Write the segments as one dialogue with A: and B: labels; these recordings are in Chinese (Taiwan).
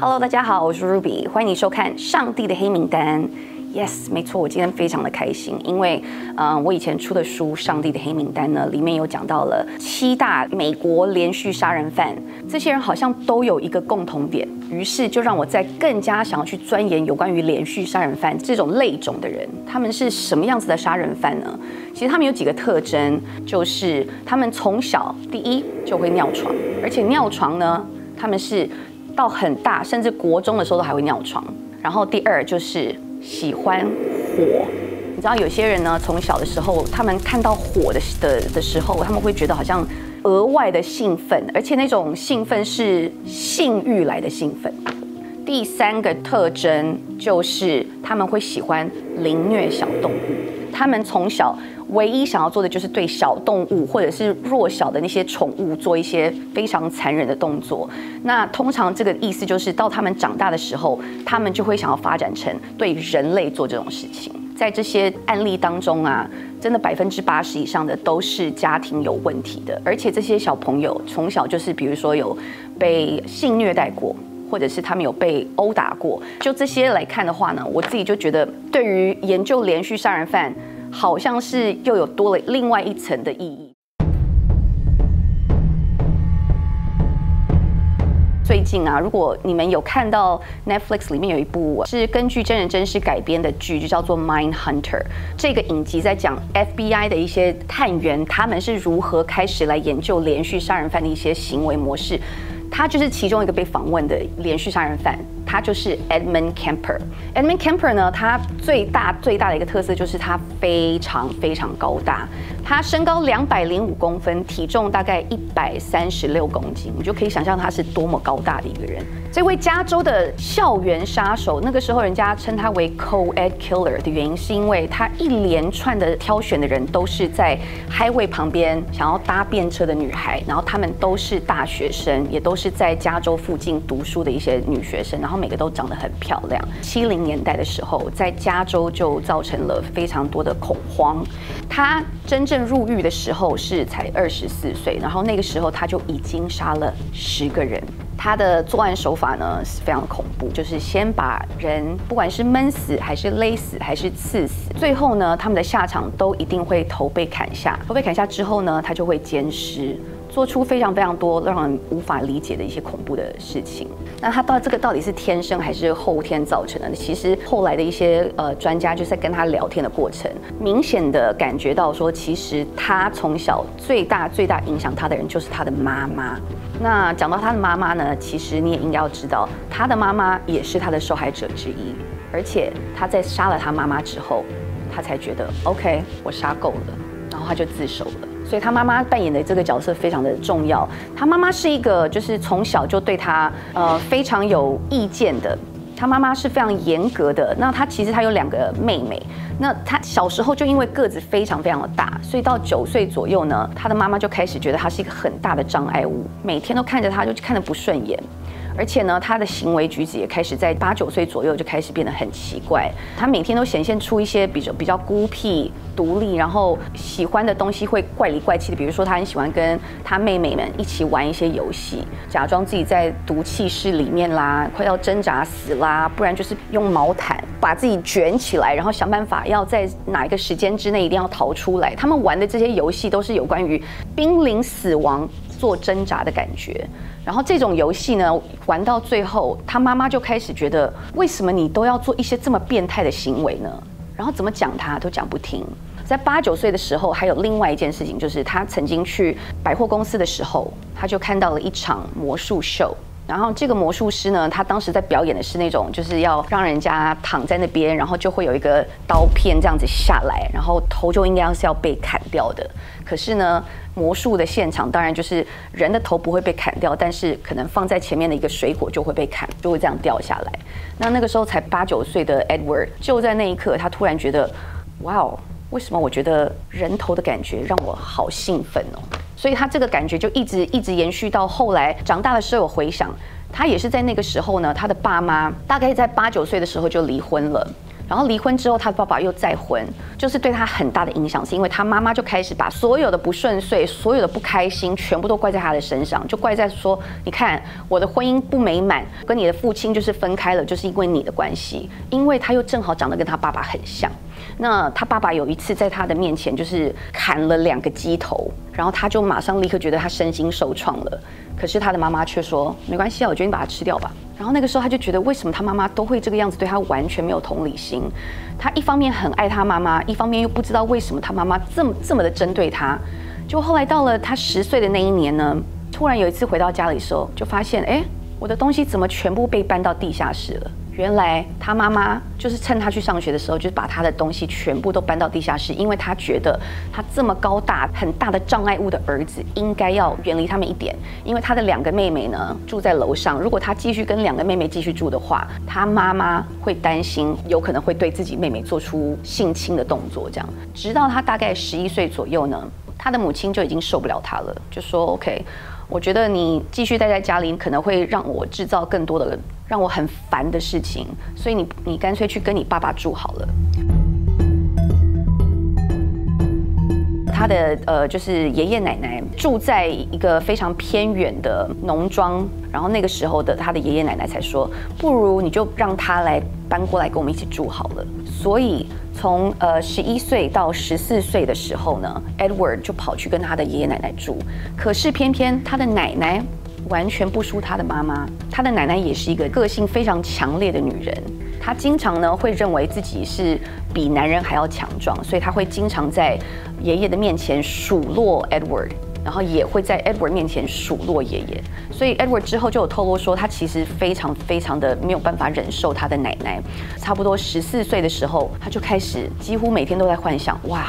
A: Hello，大家好，我是 Ruby，歡迎你收看《上帝的黑名單》。Yes，沒錯，我今天非常的開心，因為，嗯、呃，我以前出的書《上帝的黑名單》呢，裡面有講到了七大美國連續殺人犯，這些人好像都有一個共同點，於是就讓我再更加想要去鑽研有關於連續殺人犯這種類種的人，他們是什麼樣子的殺人犯呢？其實他們有幾個特徵，就是他們從小第一就會尿床，而且尿床呢，他們是。到很大，甚至國中的時候都還會尿床。然後第二就是喜歡火，你知道有些人呢，從小的時候他們看到火的的，的時候，他們會覺得好像額外的興奮，而且那種興奮是性欲來的興奮。第三個特徵就是他們會喜歡凌虐小動物。他們從小唯一想要做的就是對小動物或者是弱小的那些寵物做一些非常殘忍的動作。那通常這個意思就是到他們長大的時候，他們就會想要發展成對人類做這種事情。在這些案例當中啊，真的百分之八十以上的都是家庭有問題的，而且這些小朋友從小就是比如說有被性虐待過。或者是他們有被毆打過，就這些來看的話呢，我自己就覺得，對於研究連續殺人犯，好像是又有多了另外一層的意義。最近啊，如果你們有看到 Netflix 裡面有一部是根據真人真事改編的劇，就叫做《Mind Hunter》。這個影集在講 FBI 的一些探員，他們是如何開始來研究連續殺人犯的一些行為模式。他就是其中一個被訪問的連續殺人犯。他就是 Edmund Kemper。Edmund Kemper 呢，他最大最大的一個特色就是他非常非常高大，他身高兩百零五公分，體重大概一百三十六公斤，你就可以想象他是多麼高大的一個人。這位加州的校園殺手，那個時候人家稱他為 Coed Killer 的原因，是因為他一連串的挑選的人都是在 highway 旁邊想要搭便車的女孩，然後她們都是大學生，也都是在加州附近讀書的一些女學生，然後。每個都長得很漂亮。七零年代的時候，在加州就造成了非常多的恐慌。他真正入獄的時候是才二十四歲，然後那個時候他就已經殺了十個人。他的作案手法呢，是非常恐怖，就是先把人不管是悶死還是勒死還是刺死，最後呢，他們的下場都一定會頭被砍下。頭被砍下之後呢，他就會姦屍。做出非常非常多讓人無法理解的一些恐怖的事情。那他到這個到底是天生還是後天造成的？其實後來的一些呃專家就在跟他聊天的過程，明顯的感覺到說，其實他從小最大最大影響他的人就是他的媽媽。那講到他的媽媽呢，其實你也應該要知道，他的媽媽也是他的受害者之一。而且他在殺了他媽媽之後，他才覺得 OK，我殺夠了，然後他就自首了。所以他媽媽扮演的這個角色非常的重要。他媽媽是一個，就是從小就對他，呃，非常有意見的。他媽媽是非常嚴格的。那他其實他有兩個妹妹，那他小時候就因為個子非常非常的大，所以到九歲左右呢，他的媽媽就開始覺得他是一個很大的障礙物，每天都看着他就看得不順眼。而且呢，他的行為舉止也開始在八九歲左右就開始變得很奇怪。他每天都顯現出一些比較比較孤僻、獨立，然後喜歡的東西會怪裡怪氣的。比如說，他很喜歡跟他妹妹們一起玩一些遊戲，假裝自己在毒氣室裡面啦，快要掙扎死啦，不然就是用毛毯把自己捲起來，然後想辦法要在哪一個時間之內一定要逃出來。他們玩的這些遊戲都是有關於瀕臨死亡。做掙扎的感覺，然後這種遊戲呢，玩到最後，他媽媽就開始覺得，為什麼你都要做一些這麼變態的行為呢？然後怎麼講他都講不聽。在八九歲的時候，還有另外一件事情，就是他曾經去百貨公司的時候，他就看到了一場魔術秀。然後這個魔術師呢，他當時在表演的是那種就是要讓人家躺在那邊，然後就會有一個刀片這樣子下來，然後頭就應該是要被砍掉的。可是呢，魔術的現場當然就是人的頭不會被砍掉，但是可能放在前面的一個水果就會被砍，就會這樣掉下來。那那個時候才八九歲的 Edward 就在那一刻，他突然覺得，哇哦，為什麼我覺得人頭的感覺讓我好興奮哦？所以他這個感覺就一直一直延續到後來，長大的時候有回想，他也是在那個時候呢，他的爸媽大概在八九歲的時候就離婚了，然後離婚之後，他的爸爸又再婚，就是對他很大的影響，是因為他媽媽就開始把所有的不順遂、所有的不開心，全部都怪在他的身上，就怪在說，你看我的婚姻不美滿，跟你的父親就是分開了，就是因為你的關係，因為他又正好長得跟他爸爸很像。那他爸爸有一次在他的面前就是砍了兩個雞頭，然後他就馬上立刻覺得他身心受創了。可是他的媽媽卻說：“沒關係啊，我決定把它吃掉吧。”然後那個時候他就覺得為什麼他媽媽都會這個樣子，對他完全沒有同理心。他一方面很愛他媽媽，一方面又不知道為什麼他媽媽這麼這麼的針對他。就後來到了他十歲的那一年呢，突然有一次回到家裡的時候，就發現哎，我的東西怎麼全部被搬到地下室了？原來他媽媽就是趁他去上學的時候，就把他的東西全部都搬到地下室，因為他覺得他這麼高大、很大的障礙物的兒子應該要遠離他們一點，因為他的兩個妹妹呢住在樓上，如果他繼續跟兩個妹妹繼續住的話，他媽媽會擔心有可能會對自己妹妹做出性侵的動作。這樣，直到他大概十一歲左右呢，他的母親就已經受不了他了，就說：“OK。”我覺得你繼續待在家裡，可能會讓我制造更多的讓我很煩的事情。所以你你乾脆去跟你爸爸住好了。他的呃就是爺爺奶奶住在一個非常偏遠的農莊，然後那個時候的他的爺爺奶奶才說，不如你就讓他來搬過來跟我們一起住好了。所以。從呃十一歲到十四歲的時候呢，Edmund 就跑去跟他的爺爺奶奶住。可是偏偏他的奶奶完全不輸他的媽媽，他的奶奶也是一個個性非常強烈的女人。她經常呢會認為自己是比男人還要強壯，所以她會經常在爺爺的面前數落 Edmund。然後也會在 Edmund 面前數落爺爺，所以 Edmund 之後就有透露說，他其實非常非常的沒有辦法忍受他的奶奶。差不多十四歲的時候，他就開始幾乎每天都在幻想：哇，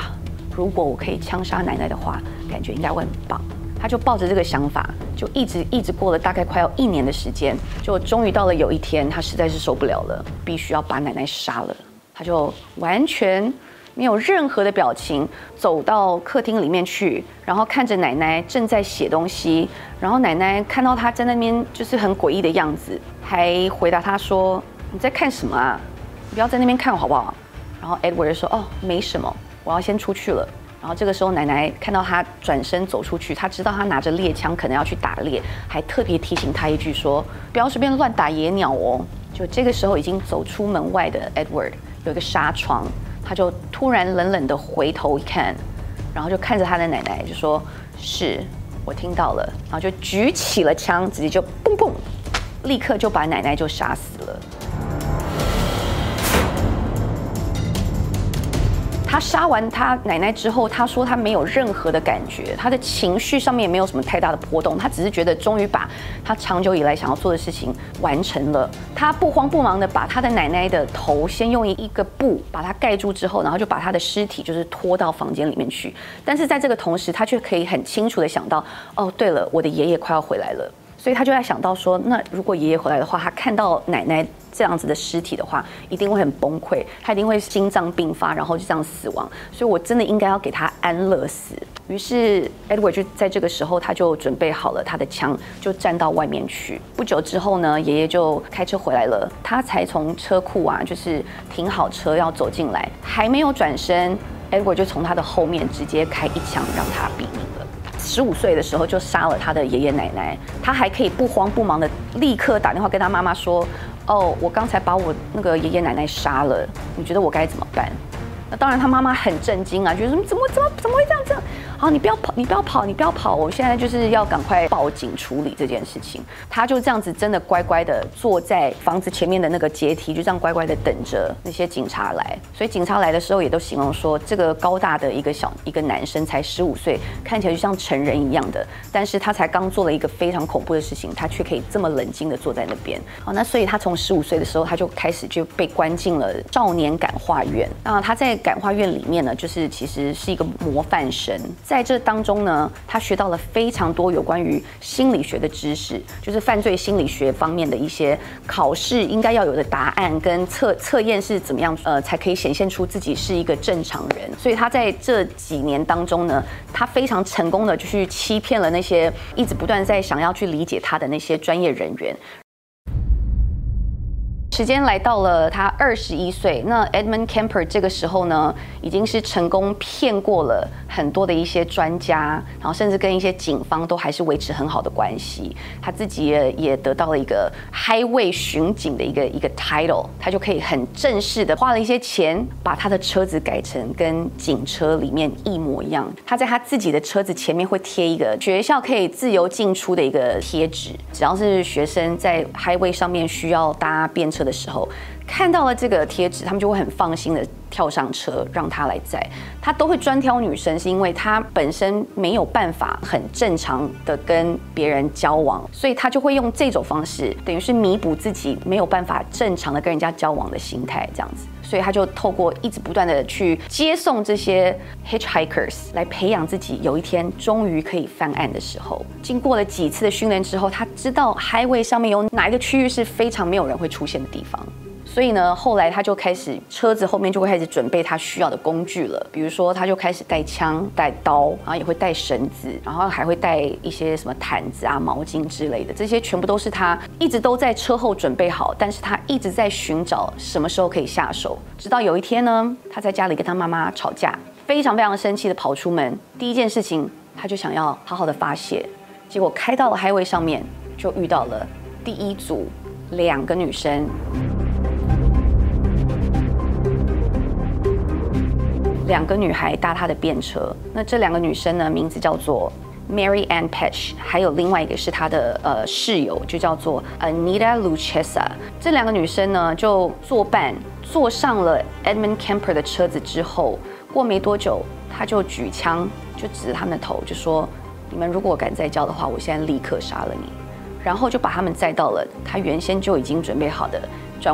A: 如果我可以槍殺奶奶的話，感覺應該會很棒。他就抱着這個想法，就一直一直過了大概快要一年的時間，就終於到了有一天，他實在是受不了了，必須要把奶奶殺了。他就完全，沒有任何的表情，走到客廳裡面去，然後看着奶奶正在寫東西，然後奶奶看到他在那邊就是很詭異的樣子，還回答他說：“你在看什麼啊？你不要在那邊看，好不好？”然後 Edward 說：“哦，沒什麼，我要先出去了。”然後這個時候奶奶看到他轉身走出去，他知道他拿着獵槍可能要去打獵，還特別提醒他一句說：“不要隨便亂打野鳥哦。”就這個時候已經走出門外的 Edward 有一個紗窗。他就突然冷冷的回頭一看，然後就看着他的奶奶，就說：“是我聽到了。”然後就舉起了槍，直接就砰砰，立刻就把奶奶就殺死了。他殺完他奶奶之後，他說他沒有任何的感覺，他的情緒上面也沒有什麼太大的波動，他只是覺得終於把他長久以來想要做的事情完成了。他不慌不忙的把他的奶奶的頭先用一個布把它蓋住之後，然後就把他的屍體就是拖到房間裡面去。但是在這個同時，他卻可以很清楚的想到，哦，對了，我的爺爺快要回來了。所以他就在想到說，那如果爺爺回來的話，他看到奶奶這樣子的屍體的話，一定會很崩潰，他一定會心臟病發，然後就這樣死亡。所以我真的應該要給他安樂死。於是 Edmund 就在這個時候，他就準備好了他的槍，就站到外面去。不久之後呢，爺爺就開車回來了，他才從車庫啊，就是停好車要走進來，還沒有轉身，Edmund 就從他的後面直接開一槍，讓他斃命了。十五歲的時候就殺了他的爺爺奶奶，他還可以不慌不忙的立刻打電話跟他媽媽說：“哦，我剛才把我那個爺爺奶奶殺了，你覺得我該怎麼辦？”那當然，他媽媽很震驚啊，覺得怎麼怎麼怎麼會這樣這樣。你不要跑，你不要跑，你不要跑！我現在就是要趕快報警處理這件事情。他就這樣子，真的乖乖的坐在房子前面的那個階梯，就這樣乖乖的等着那些警察來。所以警察來的時候，也都形容說，這個高大的一個小一個男生才十五歲，看起來就像成人一樣的。但是他才剛做了一個非常恐怖的事情，他卻可以這麼冷靜的坐在那邊。哦，那所以他從十五歲的時候，他就開始就被關進了少年感化院。那他在感化院裡面呢，就是其實是一個模範生。在這當中呢，他學到了非常多有關於心理學的知識，就是犯罪心理學方面的一些考試應該要有的答案跟測測驗是怎麼樣，呃，才可以顯現出自己是一個正常人。所以他在這幾年當中呢，他非常成功的就去欺騙了那些一直不斷在想要去理解他的那些專業人員。時間來到了他二十一歲。那 Edmund Kemper 這個時候呢，已經是成功騙過了很多的一些專家，然後甚至跟一些警方都還是維持很好的關係。他自己也也得到了一個 Highway 巡警的一個一個 title，他就可以很正式的花了一些錢，把他的車子改成跟警車裡面一模一樣。他在他自己的車子前面會貼一個學校可以自由進出的一個貼紙，只要是學生在 Highway 上面需要搭便車。的時候看到了這個貼紙，他們就會很放心的跳上車，讓他來載。他都會專挑女生，是因為他本身沒有辦法很正常的跟別人交往，所以他就會用這種方式，等於是彌補自己沒有辦法正常的跟人家交往的心態這樣子。所以他就透過一直不斷的去接送這些 hitchhikers 來培養自己，有一天終於可以犯案的時候。經過了幾次的訓練之後，他知道 highway 上面有哪一個區域是非常沒有人會出現的地方。所以呢，後來他就開始車子後面就會開始準備他需要的工具了，比如說他就開始帶槍、帶刀，然後也會帶繩子，然後還會帶一些什麼毯子啊、毛巾之類的，這些全部都是他一直都在車後準備好，但是他一直在尋找什麼時候可以下手。直到有一天呢，他在家裡跟他媽媽吵架，非常非常生氣地跑出門，第一件事情他就想要好好的發洩，結果開到了 Highway 上面，就遇到了第一組兩個女生。兩個女孩搭他的便車。那這兩個女生呢，名字叫做 Mary Ann Patch，還有另外一個是她的呃室友，就叫做 Anita Lucchesa，這兩個女生呢，就作伴坐上了 Edmund Kemper 的車子之後，過沒多久，他就舉槍就指着他們的頭，就說：“你們如果敢再叫的話，我現在立刻殺了你。”然後就把他們載到了他原先就已經準備好的。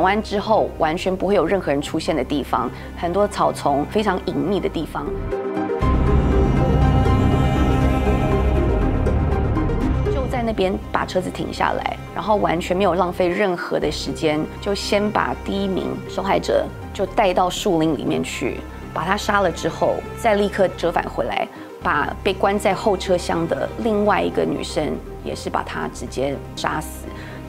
A: 轉彎之後，完全不會有任何人出現的地方，很多草叢非常隱祕的地方，就在那邊把車子停下來，然後完全沒有浪費任何的時間，就先把第一名受害者就帶到樹林裡面去，把他殺了之後，再立刻折返回來，把被關在後車廂的另外一個女生，也是把她直接殺死。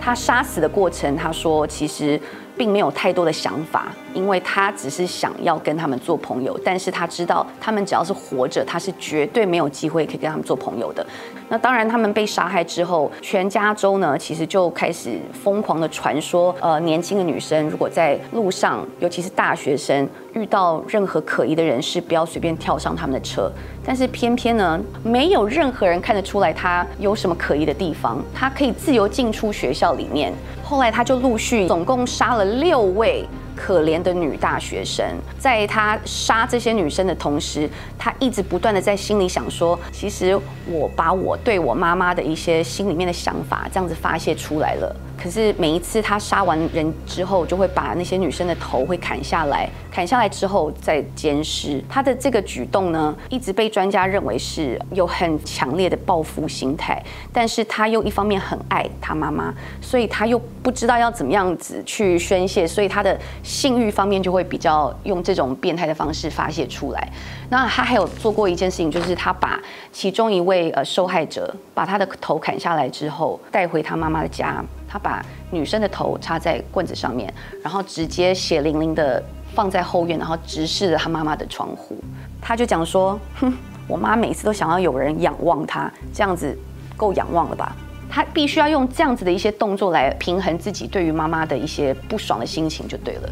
A: 他殺死的過程，他說其實並沒有太多的想法。因為他只是想要跟他們做朋友，但是他知道他們只要是活着，他是絕對沒有機會可以跟他們做朋友的。那當然，他們被殺害之後，全加州呢其實就開始瘋狂的傳說，呃，年輕的女生如果在路上，尤其是大學生，遇到任何可疑的人士，是不要隨便跳上他們的車。但是偏偏呢，沒有任何人看得出來他有什麼可疑的地方，他可以自由進出學校裡面。後來他就陸續總共殺了六位。可憐的女大學生，在他殺這些女生的同時，他一直不斷的在心裡想說：“其實我把我對我媽媽的一些心裡面的想法，這樣子發洩出來了。”可是，每一次他殺完人之後，就會把那些女生的頭會砍下來，砍下來之後再奸屍。他的這個舉動呢，一直被專家認為是有很強烈的報復心態。但是他又一方面很愛他媽媽，所以他又不知道要怎麼樣子去宣泄，所以他的性欲方面就會比較用這種變態的方式發泄出來。那他還有做過一件事情，就是他把其中一位呃受害者把他的頭砍下來之後，帶回他媽媽的家。他把女生的頭插在棍子上面，然後直接血淋淋的放在後院，然後直視着他媽媽的窗戶。他就講說：“哼，我媽每次都想要有人仰望她，這樣子夠仰望了吧？他必須要用這樣子的一些動作來平衡自己對於媽媽的一些不爽的心情，就對了。”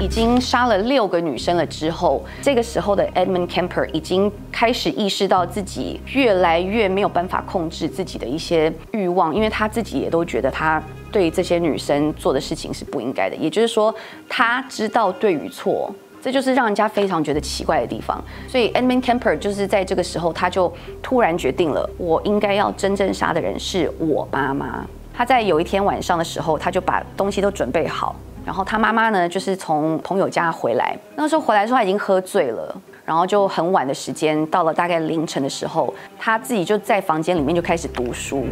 A: 已經殺了六個女生了之後，這個時候的 Edmund Kemper 已經開始意識到自己越來越沒有辦法控制自己的一些欲望，因為他自己也都覺得他對這些女生做的事情是不應該的，也就是說他知道對與錯，這就是讓人家非常覺得奇怪的地方。所以 Edmund Kemper 就是在這個時候，他就突然決定了，我應該要真正殺的人是我媽媽。他在有一天晚上的時候，他就把東西都準備好。然後他媽媽呢，就是從朋友家回來，那個時候回來的時候他已經喝醉了，然後就很晚的時間，到了大概凌晨的時候，他自己就在房間裡面就開始讀書。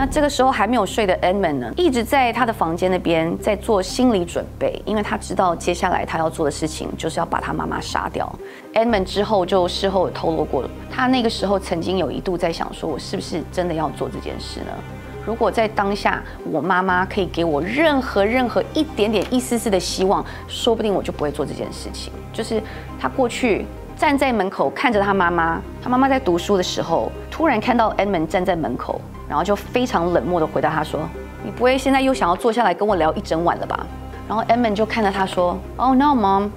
A: 那這個時候還沒有睡的 Edmund 呢，一直在他的房間那邊在做心理準備，因為他知道接下來他要做的事情就是要把他媽媽殺掉。Edmund 之後就事後有透露過，他那個時候曾經有一度在想說，我是不是真的要做這件事呢？如果在當下我媽媽可以給我任何任何一點點一絲絲的希望，說不定我就不會做這件事情。就是他過去。站在門口看着他媽媽，他媽媽在讀書的時候，突然看到 Edmund 站在門口，然後就非常冷漠的回答他說：“你不會現在又想要坐下來跟我聊一整晚了吧？”然後 Edmund 就看着他說：“Oh no, mom，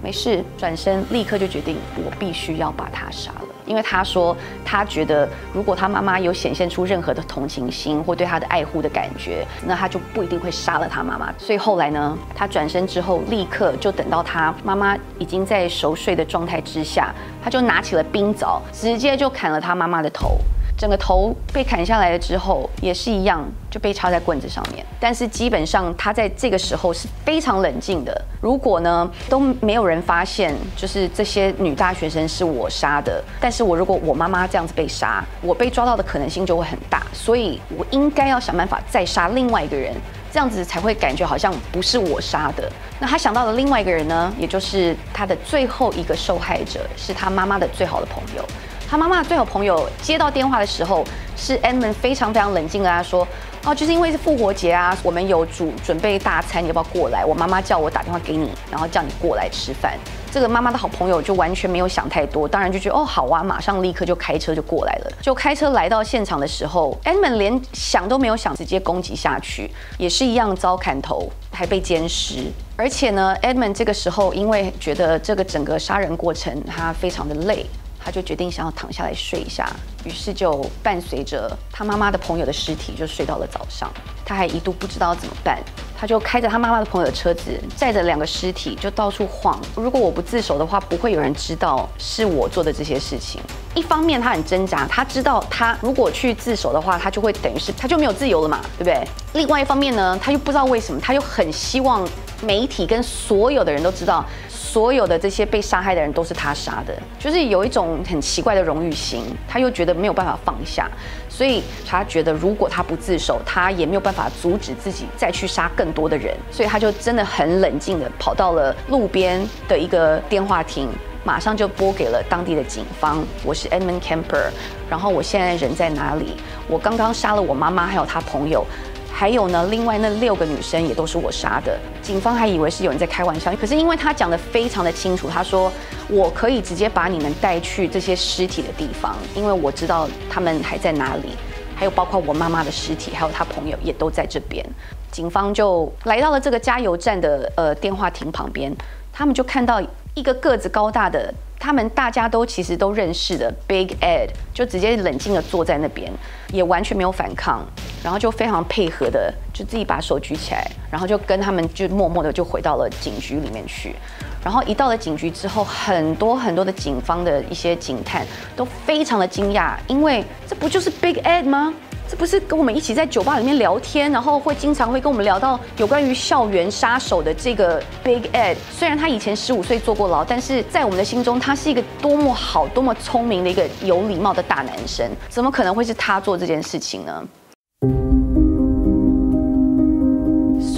A: 沒事。”轉身立刻就決定，我必須要把他殺了。因為他說，他覺得如果他媽媽有顯現出任何的同情心或對他的愛護的感覺，那他就不一定會殺了他媽媽。所以後來呢，他轉身之後，立刻就等到他媽媽已經在熟睡的狀態之下，他就拿起了冰鑿，直接就砍了他媽媽的頭。整個頭被砍下來了之後，也是一樣就被插在棍子上面。但是基本上他在這個時候是非常冷靜的。如果呢都沒有人發現，就是這些女大學生是我殺的。但是我如果我媽媽這樣子被殺，我被抓到的可能性就會很大。所以我應該要想辦法再殺另外一個人，這樣子才會感覺好像不是我殺的。那他想到的另外一個人呢，也就是他的最後一個受害者，是他媽媽的最好的朋友。他媽媽的最好朋友接到電話的時候，是 Edmund 非常非常冷靜跟他、啊、說：“哦，就是因為是復活節啊，我們有煮準備大餐，你要不要過來？我媽媽叫我打電話給你，然後叫你過來吃飯。”這個媽媽的好朋友就完全沒有想太多，當然就覺得哦好啊，馬上立刻就開車就過來了。就開車來到現場的時候，Edmund 連想都沒有想，直接攻擊下去，也是一樣遭砍頭，還被姦屍。而且呢，Edmund 這個時候因為覺得這個整個殺人過程他非常的累。他就決定想要躺下來睡一下，於是就伴隨着他媽媽的朋友的屍體就睡到了早上。他還一度不知道怎麼辦，他就開着他媽媽的朋友的車子，載着兩個屍體就到處晃。如果我不自首的話，不會有人知道是我做的這些事情。一方面他很掙扎，他知道他如果去自首的話，他就會等於是他就沒有自由了嘛，對不對？另外一方面呢，他又不知道為什麼，他又很希望媒體跟所有的人都知道，所有的這些被殺害的人都是他殺的，就是有一種很奇怪的榮譽心，他又覺得沒有辦法放下，所以他覺得如果他不自首，他也沒有辦法阻止自己再去殺更多的人，所以他就真的很冷靜的跑到了路邊的一個電話亭，馬上就撥給了當地的警方。我是 Edmund Kemper，然後我現在人在哪裡，我剛剛殺了我媽媽還有他朋友。還有呢，另外那六個女生也都是我殺的。警方還以為是有人在開玩笑，可是因為他講得非常的清楚，他說，我可以直接把你們帶去這些屍體的地方，因為我知道他們還在哪裡。還有包括我媽媽的屍體，還有他朋友也都在這邊。警方就來到了這個加油站的，呃，電話亭旁邊，他們就看到一個個子高大的。他們大家都其實都認識的 Big Ed 就直接冷靜的坐在那邊，也完全沒有反抗，然後就非常配合的就自己把手舉起來，然後就跟他們就默默的就回到了警局裡面去。然後一到了警局之後，很多很多的警方的一些警探都非常的驚訝，因為這不就是 Big Ed 嗎？這不是跟我們一起在酒吧裡面聊天，然後會經常會跟我們聊到有關於校園殺手的這個 Big Ed？雖然他以前十五歲坐過牢，但是在我們的心中，他是一個多麼好、多麼聰明的一個有禮貌的大男生。怎麼可能會是他做這件事情呢？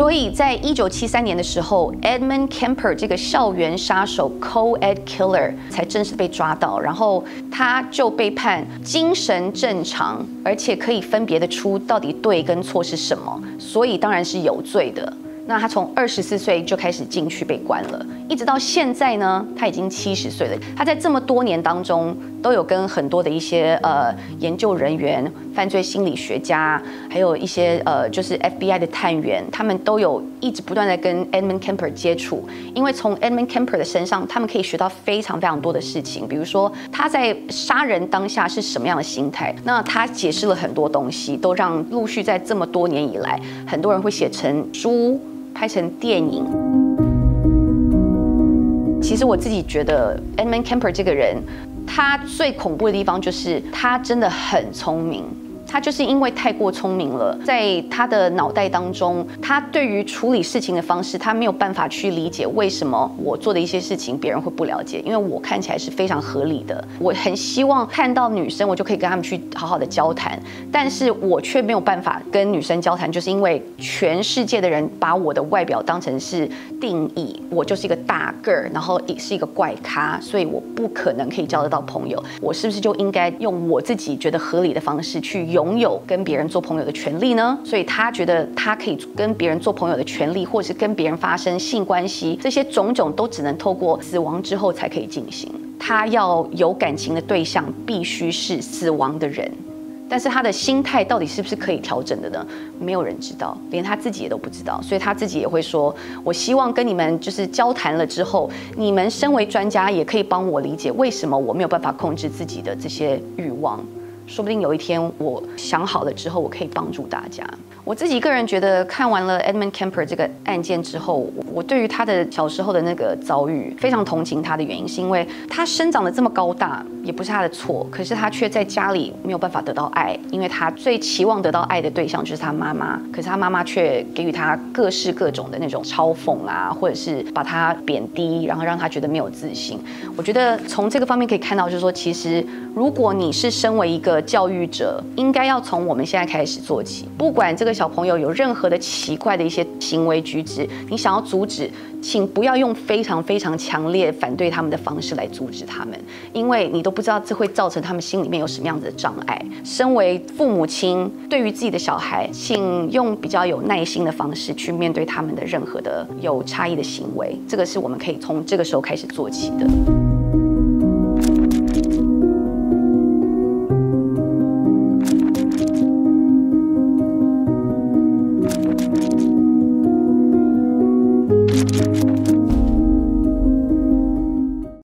A: 所以在一九七三年的時候，Edmund Kemper 這個校園殺手 Co-ed Killer 才正式被抓到，然後他就被判精神正常，而且可以分別得出到底對跟錯是什麼，所以當然是有罪的。那他從二十四歲就開始進去被關了，一直到現在呢，他已經七十歲了。他在這麼多年當中，都有跟很多的一些呃研究人員、犯罪心理學家，還有一些呃就是 FBI 的探員，他們都有一直不斷在跟 Edmund Kemper 接觸，因為從 Edmund Kemper 的身上，他們可以學到非常非常多的事情，比如說他在殺人當下是什麼樣的心態，那他解釋了很多東西，都讓陸續在這麼多年以來，很多人會寫成書、拍成電影。其實我自己覺得 Edmund Kemper 這個人。他最恐怖的地方就是，他真的很聰明。他就是因為太過聰明了，在他的腦袋當中，他對於處理事情的方式，他沒有辦法去理解為什麼我做的一些事情別人會不了解，因為我看起來是非常合理的。我很希望看到女生，我就可以跟她們去好好的交談，但是我卻沒有辦法跟女生交談，就是因為全世界的人把我的外表當成是定義，我就是一個大個兒，然後也是一個怪咖，所以我不可能可以交得到朋友。我是不是就應該用我自己覺得合理的方式去用？朋友跟別人做朋友的權利呢？所以他覺得他可以跟別人做朋友的權利，或者是跟別人發生性關係，這些種種都只能透過死亡之後才可以進行。他要有感情的對象必須是死亡的人，但是他的心態到底是不是可以調整的呢？沒有人知道，連他自己也都不知道。所以他自己也會說：“我希望跟你們就是交談了之後，你們身為專家也可以幫我理解為什麼我沒有辦法控制自己的這些慾望。”說不定有一天，我想好了之後，我可以幫助大家。我自己個人覺得，看完了 Edmund Kemper 這個案件之後，我對於他的小時候的那個遭遇非常同情他的原因，是因為他生長得這麼高大也不是他的錯，可是他卻在家裡沒有辦法得到愛，因為他最期望得到愛的對象就是他媽媽，可是他媽媽卻給予他各式各種的那種嘲諷啊，或者是把他貶低，然後讓他覺得沒有自信。我覺得從這個方面可以看到，就是說，其實如果你是身為一個教育者，應該要從我們現在開始做起，不管這個。小朋友有任何的奇怪的一些行為舉止，你想要阻止，請不要用非常非常強烈反對他們的方式來阻止他們，因為你都不知道這會造成他們心裡面有什麼樣子的障礙。身為父母親，對於自己的小孩，請用比較有耐心的方式去面對他們的任何的有差異的行為，這個是我們可以從這個時候開始做起的。